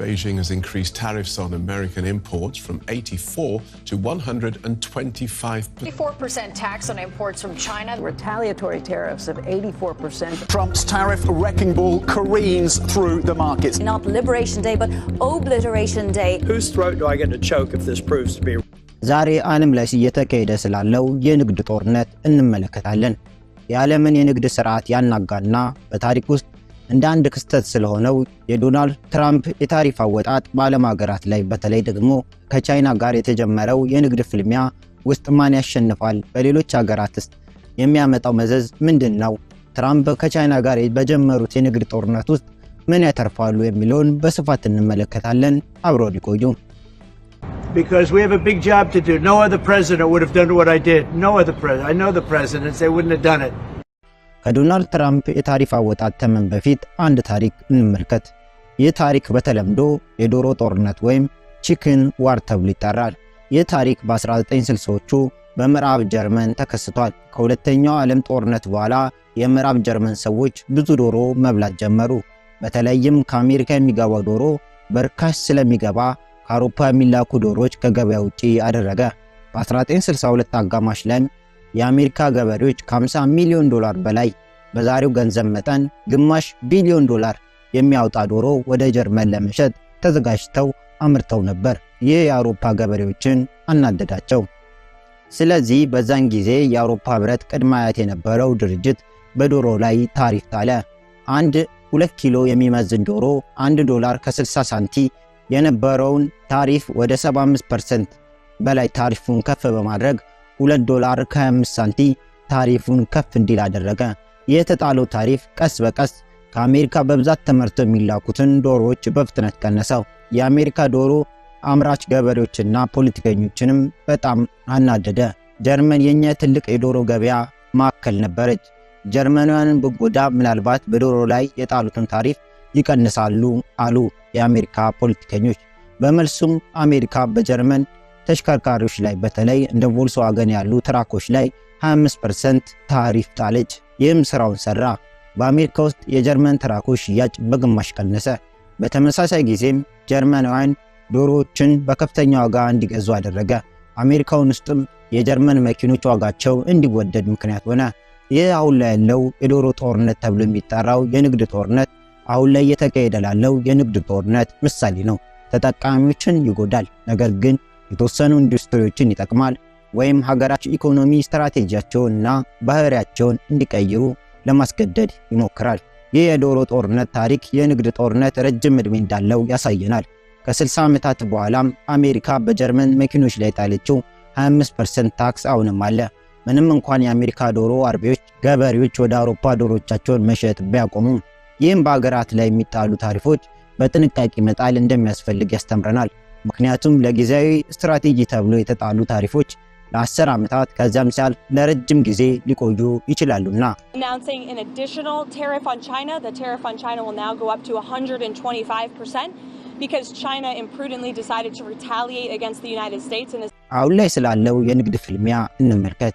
Beijing has increased tariffs on American imports from 84 to 125 percent tax on imports from China. Retaliatory tariffs of 84%. Trump's tariff wrecking ball careens through the markets. Not Liberation Day, but Obliteration Day. Whose throat do I get to choke if this proves to be? ዛሬ ዓለም ላይ እየተካሄደ ስላለው የንግድ ጦርነት እንመለከታለን። የዓለምን የንግድ ስርዓት ያናጋና በታሪክ ውስጥ እንደ አንድ ክስተት ስለሆነው የዶናልድ ትራምፕ የታሪፍ አወጣጥ በዓለም ሀገራት ላይ በተለይ ደግሞ ከቻይና ጋር የተጀመረው የንግድ ፍልሚያ ውስጥ ማን ያሸንፋል? በሌሎች ሀገራትስ የሚያመጣው መዘዝ ምንድን ነው? ትራምፕ ከቻይና ጋር በጀመሩት የንግድ ጦርነት ውስጥ ምን ያተርፋሉ የሚለውን በስፋት እንመለከታለን። አብሮ ሊቆዩ። ከዶናልድ ትራምፕ የታሪፍ አወጣት ተመን በፊት አንድ ታሪክ እንመልከት። ይህ ታሪክ በተለምዶ የዶሮ ጦርነት ወይም ቺክን ዋር ተብሎ ይጠራል። ይህ ታሪክ በ1960ዎቹ በምዕራብ ጀርመን ተከስቷል። ከሁለተኛው ዓለም ጦርነት በኋላ የምዕራብ ጀርመን ሰዎች ብዙ ዶሮ መብላት ጀመሩ። በተለይም ከአሜሪካ የሚገባው ዶሮ በርካሽ ስለሚገባ ከአውሮፓ የሚላኩ ዶሮዎች ከገበያ ውጪ አደረገ። በ1962 አጋማሽ ላይ የአሜሪካ ገበሬዎች ከ50 ሚሊዮን ዶላር በላይ በዛሬው ገንዘብ መጠን ግማሽ ቢሊዮን ዶላር የሚያወጣ ዶሮ ወደ ጀርመን ለመሸጥ ተዘጋጅተው አምርተው ነበር። ይህ የአውሮፓ ገበሬዎችን አናደዳቸው። ስለዚህ በዛን ጊዜ የአውሮፓ ህብረት ቅድመ አያት የነበረው ድርጅት በዶሮ ላይ ታሪፍ ጣለ። አንድ ሁለት ኪሎ የሚመዝን ዶሮ 1 ዶላር ከ60 ሳንቲ የነበረውን ታሪፍ ወደ 75 ፐርሰንት በላይ ታሪፉን ከፍ በማድረግ 2 ዶላር ከ25 ሳንቲ ታሪፉን ከፍ እንዲል አደረገ። የተጣለው ታሪፍ ቀስ በቀስ ከአሜሪካ በብዛት ተመርተው የሚላኩትን ዶሮዎች በፍጥነት ቀነሰው። የአሜሪካ ዶሮ አምራች ገበሬዎችና ፖለቲከኞችንም በጣም አናደደ። ጀርመን የእኛ ትልቅ የዶሮ ገበያ ማዕከል ነበረች። ጀርመናውያንን ብጎዳ ምናልባት በዶሮ ላይ የጣሉትን ታሪፍ ይቀንሳሉ አሉ የአሜሪካ ፖለቲከኞች። በመልሱም አሜሪካ በጀርመን ተሽከርካሪዎች ላይ በተለይ እንደ ቮልስዋገን ያሉ ትራኮች ላይ 25% ታሪፍ ጣለች። ይህም ስራውን ሰራ። በአሜሪካ ውስጥ የጀርመን ትራኮች ሽያጭ በግማሽ ቀነሰ። በተመሳሳይ ጊዜም ጀርመናውያን ዶሮዎችን በከፍተኛ ዋጋ እንዲገዙ አደረገ። አሜሪካውን ውስጥም የጀርመን መኪኖች ዋጋቸው እንዲወደድ ምክንያት ሆነ። ይህ አሁን ላይ ያለው የዶሮ ጦርነት ተብሎ የሚጠራው የንግድ ጦርነት አሁን ላይ እየተካሄደ ላለው የንግድ ጦርነት ምሳሌ ነው። ተጠቃሚዎችን ይጎዳል፣ ነገር ግን የተወሰኑ ኢንዱስትሪዎችን ይጠቅማል ወይም ሀገራቸው ኢኮኖሚ ስትራቴጂያቸውንና ባህሪያቸውን እንዲቀይሩ ለማስገደድ ይሞክራል። ይህ የዶሮ ጦርነት ታሪክ የንግድ ጦርነት ረጅም ዕድሜ እንዳለው ያሳየናል። ከ60 ዓመታት በኋላም አሜሪካ በጀርመን መኪኖች ላይ ጣለችው 25% ታክስ አሁንም አለ። ምንም እንኳን የአሜሪካ ዶሮ አርቢዎች ገበሬዎች ወደ አውሮፓ ዶሮቻቸውን መሸጥ ቢያቆሙም፣ ይህም በአገራት ላይ የሚጣሉ ታሪፎች በጥንቃቄ መጣል እንደሚያስፈልግ ያስተምረናል። ምክንያቱም ለጊዜያዊ ስትራቴጂ ተብሎ የተጣሉ ታሪፎች ለአስር ዓመታት ከዚያም ሲያልፍ ለረጅም ጊዜ ሊቆዩ ይችላሉና አሁን ላይ ስላለው የንግድ ፍልሚያ እንመልከት።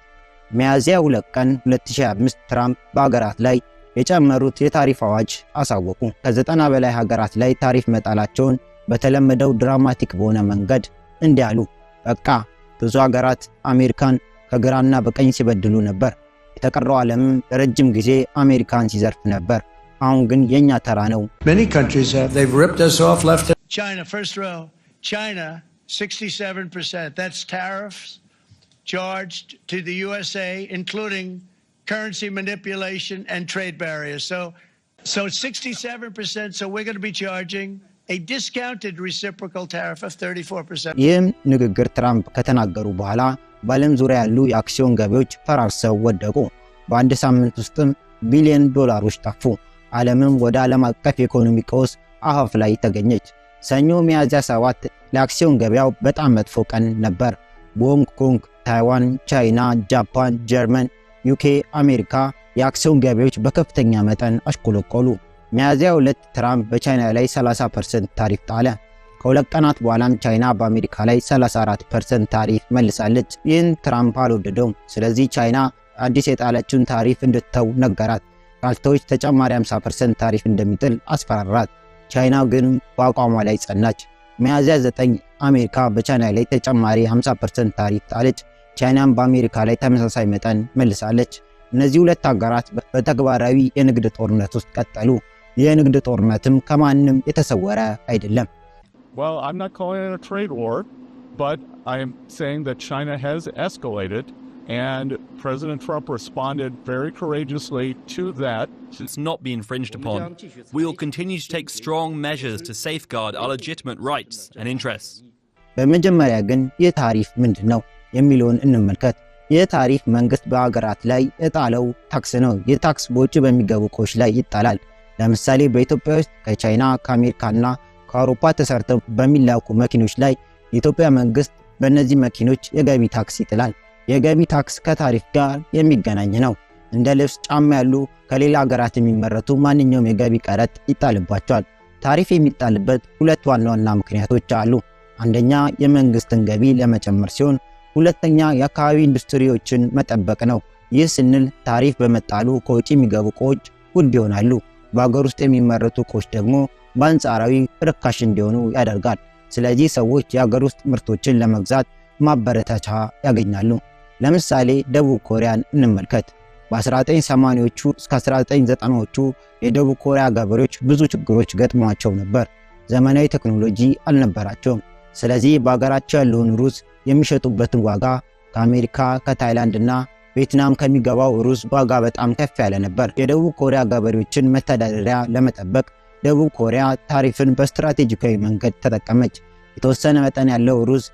ሚያዝያ ሁለት ቀን 2025 ትራምፕ በሀገራት ላይ የጨመሩት የታሪፍ አዋጅ አሳወቁ። ከ90 በላይ ሀገራት ላይ ታሪፍ መጣላቸውን በተለመደው ድራማቲክ በሆነ መንገድ እንዲህ አሉ። በቃ ብዙ ሀገራት አሜሪካን ከግራና በቀኝ ሲበድሉ ነበር። የተቀረው ዓለም ለረጅም ጊዜ አሜሪካን ሲዘርፍ ነበር። አሁን ግን የእኛ ተራ ነው። ቻይና ይህም ንግግር ትራምፕ ከተናገሩ በኋላ በዓለም ዙሪያ ያሉ የአክሲዮን ገቢዎች ፈራርሰው ወደቁ። በአንድ ሳምንት ውስጥም ቢሊዮን ዶላሮች ጠፉ። ዓለምም ወደ ዓለም አቀፍ የኢኮኖሚ ቀውስ አፋፍ ላይ ተገኘች። ሰኞ ሚያዝያ 7 ለአክሲዮን ገበያው በጣም መጥፎ ቀን ነበር። በሆንግ ኮንግ፣ ታይዋን፣ ቻይና፣ ጃፓን፣ ጀርመን፣ ዩኬ፣ አሜሪካ የአክሲዮን ገበያዎች በከፍተኛ መጠን አሽቆለቆሉ። ሚያዝያ ሁለት ትራምፕ በቻይና ላይ 30 ፐርሰንት ታሪፍ ጣለ። ከሁለት ቀናት በኋላም ቻይና በአሜሪካ ላይ 34 ፐርሰንት ታሪፍ መልሳለች። ይህን ትራምፕ አልወደደውም። ስለዚህ ቻይና አዲስ የጣለችውን ታሪፍ እንድትተው ነገራት። ካልተወች ተጨማሪ 50 ፐርሰንት ታሪፍ እንደሚጥል አስፈራራት። ቻይና ግን በአቋሟ ላይ ጸናች። ሚያዝያ 9 አሜሪካ በቻይና ላይ ተጨማሪ 50 ፐርሰንት ታሪፍ ጣለች። ቻይናም በአሜሪካ ላይ ተመሳሳይ መጠን መልሳለች። እነዚህ ሁለት አገራት በተግባራዊ የንግድ ጦርነት ውስጥ ቀጠሉ። የንግድ ጦርነትም ከማንም የተሰወረ አይደለም። በመጀመሪያ ግን የታሪፍ ታሪፍ ምንድን ነው የሚለውን እንመልከት። የታሪፍ መንግስት በሀገራት ላይ የጣለው ታክስ ነው። የታክስ ታክስ በውጭ በሚገቡ እቃዎች ላይ ይጣላል። ለምሳሌ በኢትዮጵያ ውስጥ ከቻይና ከአሜሪካና ከአውሮፓ ተሰርተው በሚላኩ መኪኖች ላይ የኢትዮጵያ መንግስት በእነዚህ መኪኖች የገቢ ታክስ ይጥላል። የገቢ ታክስ ከታሪፍ ጋር የሚገናኝ ነው። እንደ ልብስ፣ ጫማ ያሉ ከሌላ ሀገራት የሚመረቱ ማንኛውም የገቢ ቀረጥ ይጣልባቸዋል። ታሪፍ የሚጣልበት ሁለት ዋና ዋና ምክንያቶች አሉ። አንደኛ የመንግስትን ገቢ ለመጨመር ሲሆን፣ ሁለተኛ የአካባቢ ኢንዱስትሪዎችን መጠበቅ ነው። ይህ ስንል ታሪፍ በመጣሉ ከውጭ የሚገቡ እቃዎች ውድ ይሆናሉ። በአገር ውስጥ የሚመረቱ እቃዎች ደግሞ በአንጻራዊ ርካሽ እንዲሆኑ ያደርጋል። ስለዚህ ሰዎች የአገር ውስጥ ምርቶችን ለመግዛት ማበረታቻ ያገኛሉ። ለምሳሌ ደቡብ ኮሪያን እንመልከት። በ1980ዎቹ እስከ 1990ዎቹ የደቡብ ኮሪያ ገበሬዎች ብዙ ችግሮች ገጥሟቸው ነበር። ዘመናዊ ቴክኖሎጂ አልነበራቸውም። ስለዚህ በአገራቸው ያለውን ሩዝ የሚሸጡበትን ዋጋ ከአሜሪካ ከታይላንድ እና ቬትናም ከሚገባው ሩዝ ዋጋ በጣም ከፍ ያለ ነበር። የደቡብ ኮሪያ ገበሬዎችን መተዳደሪያ ለመጠበቅ ደቡብ ኮሪያ ታሪፍን በስትራቴጂካዊ መንገድ ተጠቀመች። የተወሰነ መጠን ያለው ሩዝ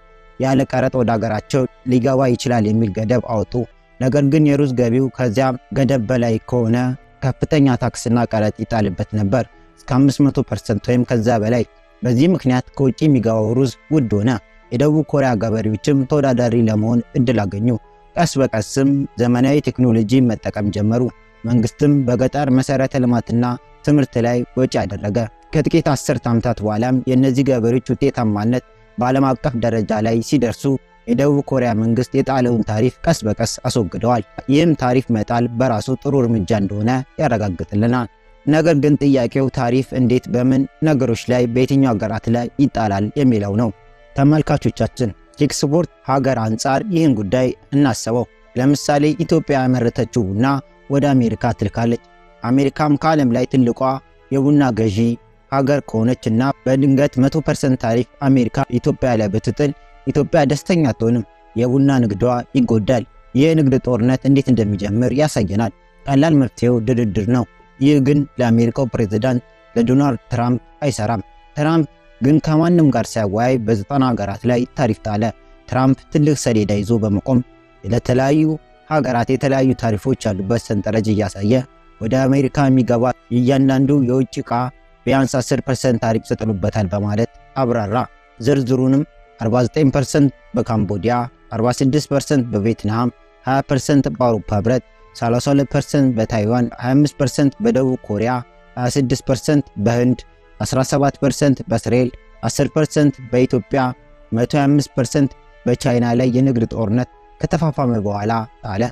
ያለ ቀረጥ ወደ አገራቸው ሊገባ ይችላል የሚል ገደብ አወጡ። ነገር ግን የሩዝ ገቢው ከዚያም ገደብ በላይ ከሆነ ከፍተኛ ታክስና ቀረጥ ይጣልበት ነበር፣ እስከ 500 ፐርሰንት ወይም ከዛ በላይ። በዚህ ምክንያት ከውጭ የሚገባው ሩዝ ውድ ሆነ። የደቡብ ኮሪያ ገበሬዎችም ተወዳዳሪ ለመሆን እድል አገኙ። ቀስ በቀስም ዘመናዊ ቴክኖሎጂ መጠቀም ጀመሩ። መንግስትም በገጠር መሰረተ ልማትና ትምህርት ላይ ወጪ አደረገ። ከጥቂት አስርት ዓመታት በኋላም የእነዚህ ገበሬዎች ውጤታማነት በዓለም አቀፍ ደረጃ ላይ ሲደርሱ የደቡብ ኮሪያ መንግስት የጣለውን ታሪፍ ቀስ በቀስ አስወግደዋል። ይህም ታሪፍ መጣል በራሱ ጥሩ እርምጃ እንደሆነ ያረጋግጥልናል። ነገር ግን ጥያቄው ታሪፍ እንዴት፣ በምን ነገሮች ላይ፣ በየትኛው ሀገራት ላይ ይጣላል የሚለው ነው። ተመልካቾቻችን የኤክስፖርት ሀገር አንጻር ይህን ጉዳይ እናስበው። ለምሳሌ ኢትዮጵያ ያመረተችው ቡና ወደ አሜሪካ ትልካለች። አሜሪካም ከዓለም ላይ ትልቋ የቡና ገዢ ሀገር ከሆነች እና በድንገት 100% ታሪፍ አሜሪካ ኢትዮጵያ ላይ ብትጥል ኢትዮጵያ ደስተኛ አትሆንም። የቡና ንግዷ ይጎዳል። የንግድ ጦርነት እንዴት እንደሚጀምር ያሳየናል። ቀላል መፍትሄው ድርድር ነው። ይህ ግን ለአሜሪካው ፕሬዚዳንት ለዶናልድ ትራምፕ አይሰራም። ትራምፕ ግን ከማንም ጋር ሳይወያይ በዘጠና ሀገራት ላይ ታሪፍ ጣለ። ትራምፕ ትልቅ ሰሌዳ ይዞ በመቆም ለተለያዩ ሀገራት የተለያዩ ታሪፎች ያሉበት ሰንጠረዥ እያሳየ ወደ አሜሪካ የሚገባ እያንዳንዱ የውጭ ዕቃ ቢያንስ 10 ፐርሰንት ታሪፍ ተጥሎበታል በማለት አብራራ። ዝርዝሩንም 49 ፐርሰንት በካምቦዲያ፣ 46 ፐርሰንት በቬትናም፣ 20 ፐርሰንት በአውሮፓ ህብረት፣ 32 ፐርሰንት በታይዋን፣ 25 ፐርሰንት በደቡብ ኮሪያ፣ 26 ፐርሰንት በህንድ 17% በእስራኤል 10% በኢትዮጵያ 125% በቻይና ላይ የንግድ ጦርነት ከተፋፋመ በኋላ ጣለ።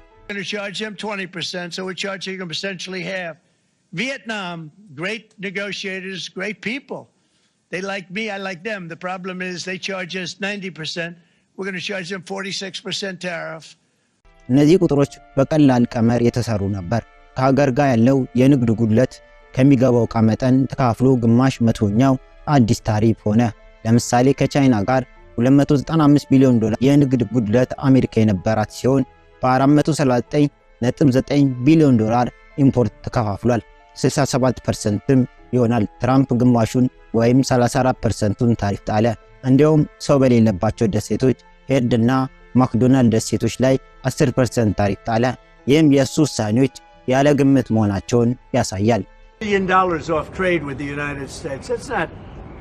እነዚህ ቁጥሮች በቀላል ቀመር የተሰሩ ነበር። ከሀገር ጋር ያለው የንግድ ጉድለት ከሚገባው ዕቃ መጠን ተካፍሎ ግማሽ መቶኛው አዲስ ታሪፍ ሆነ። ለምሳሌ ከቻይና ጋር 295 ቢሊዮን ዶላር የንግድ ጉድለት አሜሪካ የነበራት ሲሆን በ439.9 ቢሊዮን ዶላር ኢምፖርት ተከፋፍሏል። 67%ም ይሆናል። ትራምፕ ግማሹን ወይም 34%ቱን ታሪፍ ጣለ። እንዲሁም ሰው በሌለባቸው ደሴቶች ሄርድና ማክዶናልድ ደሴቶች ላይ 10% ታሪፍ ጣለ። ይህም የእሱ ውሳኔዎች ያለ ግምት መሆናቸውን ያሳያል። billion dollars off trade with the United States. That's not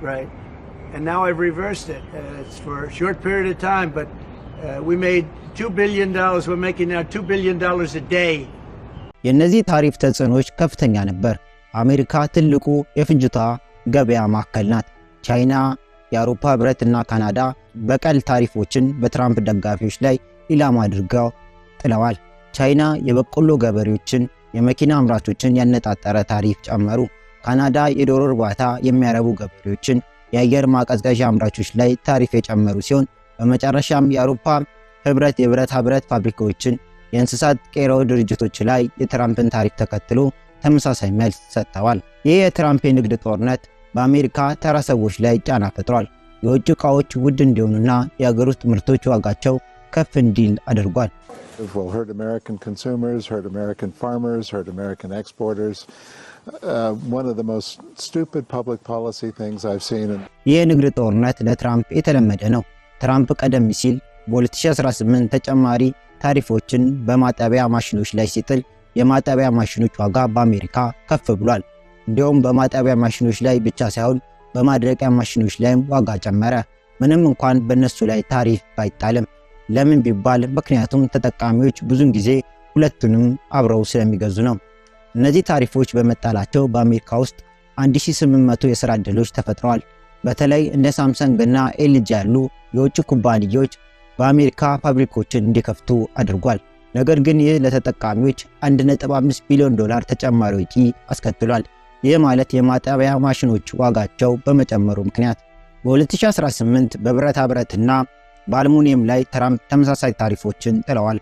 right. And now I've reversed it. Uh, it's for a short period of time, but uh, we made two billion dollars. We're making now two billion dollars a day. የእነዚህ ታሪፍ ተጽዕኖች ከፍተኛ ነበር። አሜሪካ ትልቁ የፍንጅታ ገበያ ማዕከል ናት። ቻይና፣ የአውሮፓ ህብረት እና ካናዳ በቀል ታሪፎችን በትራምፕ ደጋፊዎች ላይ ኢላማ አድርገው ጥለዋል። ቻይና የበቆሎ ገበሬዎችን የመኪና አምራቾችን ያነጣጠረ ታሪፍ ጨመሩ። ካናዳ የዶሮ እርባታ የሚያረቡ ገበሬዎችን የአየር ማቀዝቀዣ አምራቾች ላይ ታሪፍ የጨመሩ ሲሆን በመጨረሻም የአውሮፓ ህብረት የብረታ ብረት ፋብሪካዎችን፣ የእንስሳት ቄሮ ድርጅቶች ላይ የትራምፕን ታሪፍ ተከትሎ ተመሳሳይ መልስ ሰጥተዋል። ይህ የትራምፕ የንግድ ጦርነት በአሜሪካ ተራ ሰዎች ላይ ጫና ፈጥሯል። የውጭ ዕቃዎች ውድ እንዲሆኑና የአገር ውስጥ ምርቶች ዋጋቸው ከፍ እንዲል አድርጓል። uh, የንግድ ጦርነት ለትራምፕ የተለመደ ነው። ትራምፕ ቀደም ሲል በ2018 ተጨማሪ ታሪፎችን በማጠቢያ ማሽኖች ላይ ሲጥል የማጠቢያ ማሽኖች ዋጋ በአሜሪካ ከፍ ብሏል። እንዲሁም በማጠቢያ ማሽኖች ላይ ብቻ ሳይሆን በማድረቂያ ማሽኖች ላይም ዋጋ ጨመረ። ምንም እንኳን በእነሱ ላይ ታሪፍ ባይጣልም ለምን ቢባል ምክንያቱም ተጠቃሚዎች ብዙን ጊዜ ሁለቱንም አብረው ስለሚገዙ ነው። እነዚህ ታሪፎች በመጣላቸው በአሜሪካ ውስጥ 1800 የሥራ ዕድሎች ተፈጥረዋል። በተለይ እንደ ሳምሰንግ እና ኤልጂ ያሉ የውጭ ኩባንያዎች በአሜሪካ ፋብሪኮችን እንዲከፍቱ አድርጓል። ነገር ግን ይህ ለተጠቃሚዎች 1.5 ቢሊዮን ዶላር ተጨማሪ ወጪ አስከትሏል። ይህ ማለት የማጠቢያ ማሽኖች ዋጋቸው በመጨመሩ ምክንያት በ2018 በብረታ ብረትና በአልሙኒየም ላይ ትራምፕ ተመሳሳይ ታሪፎችን ጥለዋል።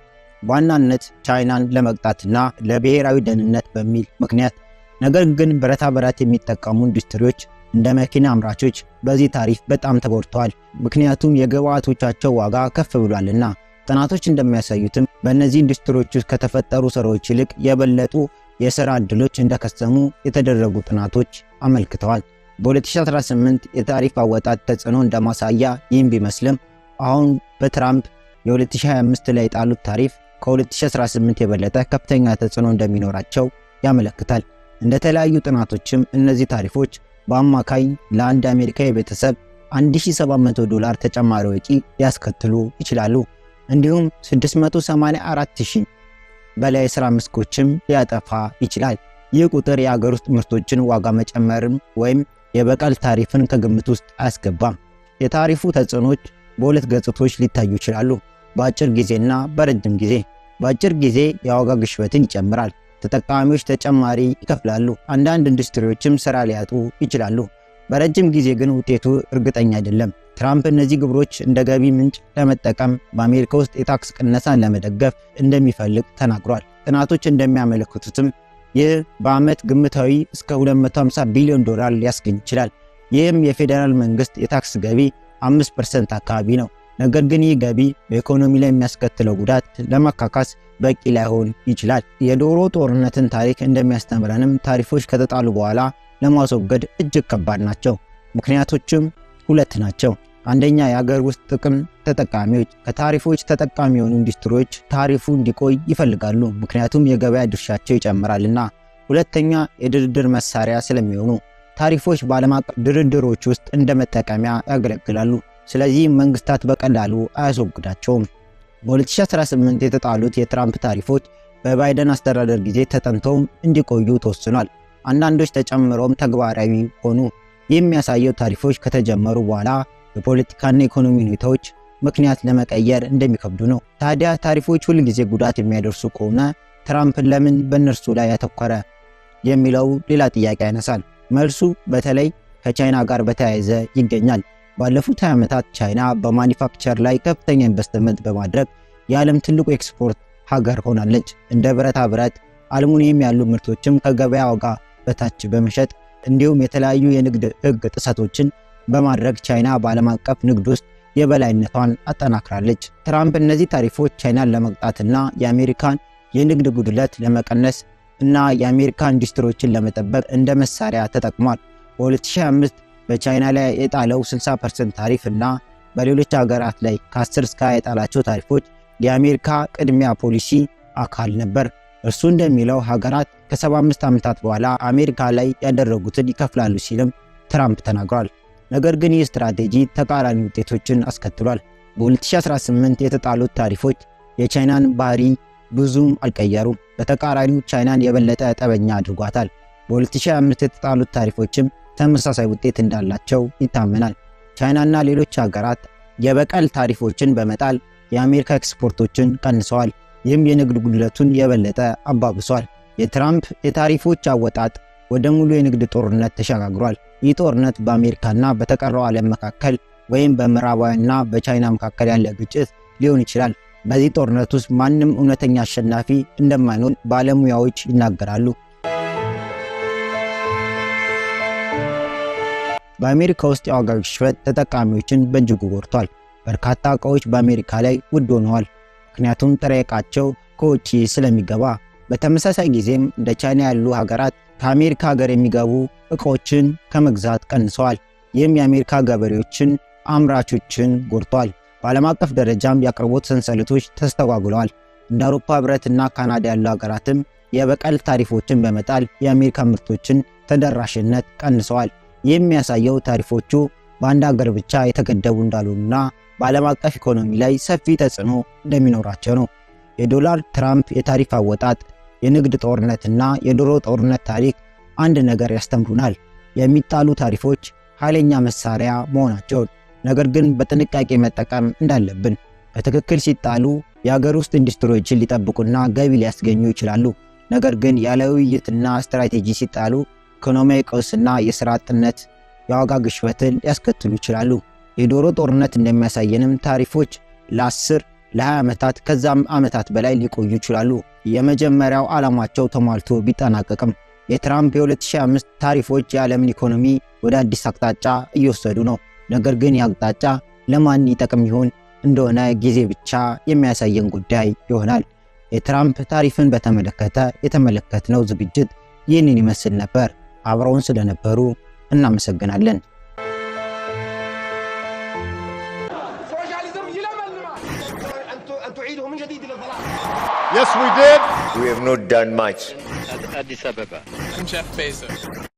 በዋናነት ቻይናን ለመቅጣትና ለብሔራዊ ደህንነት በሚል ምክንያት። ነገር ግን ብረታ ብረት የሚጠቀሙ ኢንዱስትሪዎች እንደ መኪና አምራቾች በዚህ ታሪፍ በጣም ተጎድተዋል፣ ምክንያቱም የግብዓቶቻቸው ዋጋ ከፍ ብሏልና። ጥናቶች እንደሚያሳዩትም በእነዚህ ኢንዱስትሪዎች ውስጥ ከተፈጠሩ ስራዎች ይልቅ የበለጡ የሥራ ዕድሎች እንደከሰሙ የተደረጉ ጥናቶች አመልክተዋል። በ2018 የታሪፍ አወጣት ተጽዕኖ እንደማሳያ ይህም ቢመስልም አሁን በትራምፕ የ2025 ላይ የጣሉት ታሪፍ ከ2018 የበለጠ ከፍተኛ ተጽዕኖ እንደሚኖራቸው ያመለክታል። እንደ ተለያዩ ጥናቶችም እነዚህ ታሪፎች በአማካይ ለአንድ አሜሪካዊ ቤተሰብ 1700 ዶላር ተጨማሪ ወጪ ሊያስከትሉ ይችላሉ። እንዲሁም 684000 በላይ የሥራ መስኮችም ሊያጠፋ ይችላል። ይህ ቁጥር የአገር ውስጥ ምርቶችን ዋጋ መጨመርም ወይም የበቀል ታሪፍን ከግምት ውስጥ አያስገባም። የታሪፉ ተጽዕኖች በሁለት ገጽቶች ሊታዩ ይችላሉ፣ በአጭር ጊዜና በረጅም ጊዜ። በአጭር ጊዜ የዋጋ ግሽበትን ይጨምራል፣ ተጠቃሚዎች ተጨማሪ ይከፍላሉ፣ አንዳንድ ኢንዱስትሪዎችም ስራ ሊያጡ ይችላሉ። በረጅም ጊዜ ግን ውጤቱ እርግጠኛ አይደለም። ትራምፕ እነዚህ ግብሮች እንደ ገቢ ምንጭ ለመጠቀም በአሜሪካ ውስጥ የታክስ ቅነሳን ለመደገፍ እንደሚፈልግ ተናግሯል። ጥናቶች እንደሚያመለክቱትም ይህ በዓመት ግምታዊ እስከ 250 ቢሊዮን ዶላር ሊያስገኝ ይችላል። ይህም የፌዴራል መንግስት የታክስ ገቢ አምስት ፐርሰንት አካባቢ ነው። ነገር ግን ይህ ገቢ በኢኮኖሚ ላይ የሚያስከትለው ጉዳት ለመካካስ በቂ ላይሆን ይችላል። የዶሮ ጦርነትን ታሪክ እንደሚያስተምረንም ታሪፎች ከተጣሉ በኋላ ለማስወገድ እጅግ ከባድ ናቸው። ምክንያቶችም ሁለት ናቸው። አንደኛ የአገር ውስጥ ጥቅም ተጠቃሚዎች ከታሪፎች ተጠቃሚ የሆኑ ኢንዱስትሪዎች ታሪፉ እንዲቆይ ይፈልጋሉ፣ ምክንያቱም የገበያ ድርሻቸው ይጨምራልና። ሁለተኛ የድርድር መሳሪያ ስለሚሆኑ ታሪፎች በዓለም አቀፍ ድርድሮች ውስጥ እንደ መጠቀሚያ ያገለግላሉ። ስለዚህ መንግስታት በቀላሉ አያስወግዳቸውም። በ2018 የተጣሉት የትራምፕ ታሪፎች በባይደን አስተዳደር ጊዜ ተጠንተውም እንዲቆዩ ተወስኗል። አንዳንዶች ተጨምረውም ተግባራዊ ሆኑ። የሚያሳየው ታሪፎች ከተጀመሩ በኋላ የፖለቲካና ኢኮኖሚ ሁኔታዎች ምክንያት ለመቀየር እንደሚከብዱ ነው። ታዲያ ታሪፎች ሁልጊዜ ጉዳት የሚያደርሱ ከሆነ ትራምፕ ለምን በእነርሱ ላይ ያተኮረ የሚለው ሌላ ጥያቄ ያነሳል። መልሱ በተለይ ከቻይና ጋር በተያያዘ ይገኛል። ባለፉት 20 ዓመታት ቻይና በማኒፋክቸር ላይ ከፍተኛ ኢንቨስትመንት በማድረግ የዓለም ትልቁ ኤክስፖርት ሀገር ሆናለች። እንደ ብረታ ብረት፣ አልሙኒየም ያሉ ምርቶችም ከገበያ ዋጋ በታች በመሸጥ እንዲሁም የተለያዩ የንግድ ሕግ ጥሰቶችን በማድረግ ቻይና በዓለም አቀፍ ንግድ ውስጥ የበላይነቷን አጠናክራለች። ትራምፕ እነዚህ ታሪፎች ቻይናን ለመቅጣትና የአሜሪካን የንግድ ጉድለት ለመቀነስ እና የአሜሪካ ኢንዱስትሪዎችን ለመጠበቅ እንደ መሳሪያ ተጠቅሟል። በ2025 በቻይና ላይ የጣለው 60% ታሪፍ እና በሌሎች ሀገራት ላይ ከ10 እስከ የጣላቸው ታሪፎች የአሜሪካ ቅድሚያ ፖሊሲ አካል ነበር። እርሱ እንደሚለው ሀገራት ከ75 ዓመታት በኋላ አሜሪካ ላይ ያደረጉትን ይከፍላሉ ሲልም ትራምፕ ተናግሯል። ነገር ግን ይህ ስትራቴጂ ተቃራኒ ውጤቶችን አስከትሏል። በ2018 የተጣሉት ታሪፎች የቻይናን ባህሪ ብዙም አልቀየሩም። በተቃራኒው ቻይናን የበለጠ ጠበኛ አድርጓታል። በ2025 የተጣሉት ታሪፎችም ተመሳሳይ ውጤት እንዳላቸው ይታመናል። ቻይናና ሌሎች ሀገራት የበቀል ታሪፎችን በመጣል የአሜሪካ ኤክስፖርቶችን ቀንሰዋል። ይህም የንግድ ጉድለቱን የበለጠ አባብሷል። የትራምፕ የታሪፎች አወጣጥ ወደ ሙሉ የንግድ ጦርነት ተሸጋግሯል። ይህ ጦርነት በአሜሪካና በተቀረው ዓለም መካከል ወይም በምዕራባውያንና በቻይና መካከል ያለ ግጭት ሊሆን ይችላል። በዚህ ጦርነት ውስጥ ማንም እውነተኛ አሸናፊ እንደማይኖር ባለሙያዎች ይናገራሉ። በአሜሪካ ውስጥ የዋጋ ግሽበት ተጠቃሚዎችን በእጅጉ ጎድቷል። በርካታ እቃዎች በአሜሪካ ላይ ውድ ሆነዋል፣ ምክንያቱም ጥሬ እቃቸው ከውጭ ስለሚገባ። በተመሳሳይ ጊዜም እንደ ቻይና ያሉ ሀገራት ከአሜሪካ ሀገር የሚገቡ እቃዎችን ከመግዛት ቀንሰዋል። ይህም የአሜሪካ ገበሬዎችን፣ አምራቾችን ጎድቷል። በዓለም አቀፍ ደረጃም የአቅርቦት ሰንሰለቶች ተስተጓጉለዋል። እንደ አውሮፓ ህብረትና ካናዳ ያሉ ሀገራትም የበቀል ታሪፎችን በመጣል የአሜሪካ ምርቶችን ተደራሽነት ቀንሰዋል። ይህ የሚያሳየው ታሪፎቹ በአንድ ሀገር ብቻ የተገደቡ እንዳልሆኑና በዓለም አቀፍ ኢኮኖሚ ላይ ሰፊ ተጽዕኖ እንደሚኖራቸው ነው። የዶናልድ ትራምፕ የታሪፍ አወጣጥ፣ የንግድ ጦርነትና የዶሮ ጦርነት ታሪክ አንድ ነገር ያስተምሩናል፤ የሚጣሉ ታሪፎች ኃይለኛ መሳሪያ መሆናቸውን። ነገር ግን በጥንቃቄ መጠቀም እንዳለብን። በትክክል ሲጣሉ የሀገር ውስጥ ኢንዱስትሪዎችን ሊጠብቁና ገቢ ሊያስገኙ ይችላሉ። ነገር ግን ያለ ውይይትና ስትራቴጂ ሲጣሉ ኢኮኖሚያዊ ቀውስና የሥራ አጥነት፣ የዋጋ ግሽበትን ሊያስከትሉ ይችላሉ። የዶሮ ጦርነት እንደሚያሳየንም ታሪፎች ለ10 ለ20 ዓመታት ከዛም ዓመታት በላይ ሊቆዩ ይችላሉ። የመጀመሪያው ዓላማቸው ተሟልቶ ቢጠናቀቅም የትራምፕ የ2005 ታሪፎች የዓለምን ኢኮኖሚ ወደ አዲስ አቅጣጫ እየወሰዱ ነው። ነገር ግን ይህ አቅጣጫ ለማን ይጠቅም ይሆን እንደሆነ ጊዜ ብቻ የሚያሳየን ጉዳይ ይሆናል። የትራምፕ ታሪፍን በተመለከተ የተመለከትነው ዝግጅት ይህንን ይመስል ነበር። አብረውን ስለነበሩ እናመሰግናለን። Yes, we did. We have not done much. Addis Ababa.